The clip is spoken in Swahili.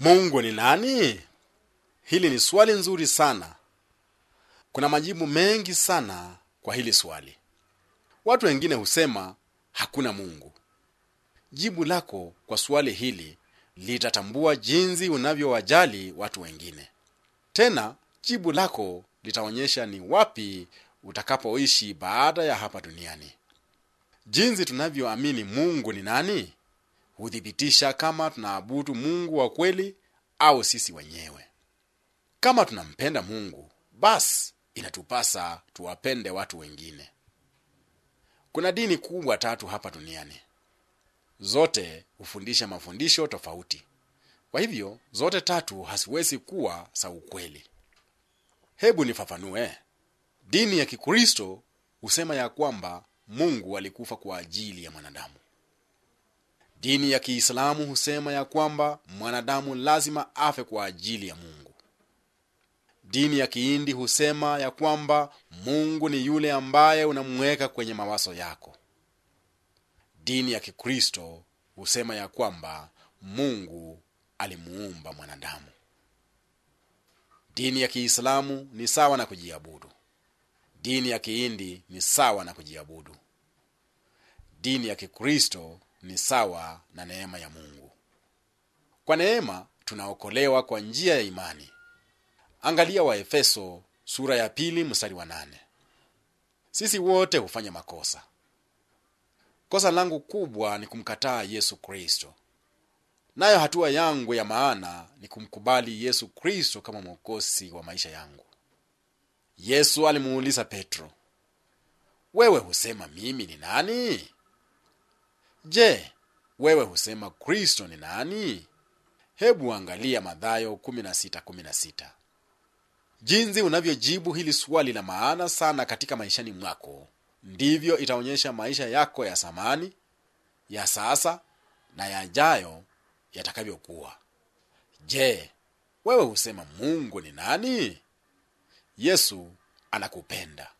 Mungu ni nani? Hili ni swali nzuri sana. Kuna majibu mengi sana kwa hili swali. Watu wengine husema hakuna Mungu. Jibu lako kwa swali hili litatambua jinsi unavyowajali watu wengine. Tena jibu lako litaonyesha ni wapi utakapoishi baada ya hapa duniani. Jinsi tunavyoamini Mungu ni nani huthibitisha kama tunaabudu Mungu wa kweli au sisi wenyewe. Kama tunampenda Mungu, basi inatupasa tuwapende watu wengine. Kuna dini kubwa tatu hapa duniani, zote hufundisha mafundisho tofauti. Kwa hivyo zote tatu haziwezi kuwa za ukweli. Hebu nifafanue. Dini ya Kikristo husema ya kwamba Mungu alikufa kwa ajili ya mwanadamu. Dini ya Kiislamu husema ya kwamba mwanadamu lazima afe kwa ajili ya Mungu. Dini ya Kihindi husema ya kwamba Mungu ni yule ambaye unamweka kwenye mawazo yako. Dini ya Kikristo husema ya kwamba Mungu alimuumba mwanadamu. Dini ya Kiislamu ni sawa na kujiabudu. Dini ya Kihindi ni sawa na kujiabudu. Dini ya Kikristo ni sawa na neema ya Mungu. Kwa neema tunaokolewa kwa njia ya imani. Angalia Waefeso sura ya pili mstari wa nane. Sisi wote hufanya makosa. Kosa langu kubwa ni kumkataa Yesu Kristo, nayo hatua yangu ya maana ni kumkubali Yesu Kristo kama mwokozi wa maisha yangu. Yesu alimuuliza Petro, wewe husema mimi ni nani? Je, wewe husema Kristo ni nani? Hebu angalia Mathayo 16:16. Jinsi unavyojibu hili swali la maana sana katika maishani mwako ndivyo itaonyesha maisha yako ya samani ya sasa na yajayo yatakavyokuwa. Je, wewe husema Mungu ni nani? Yesu anakupenda.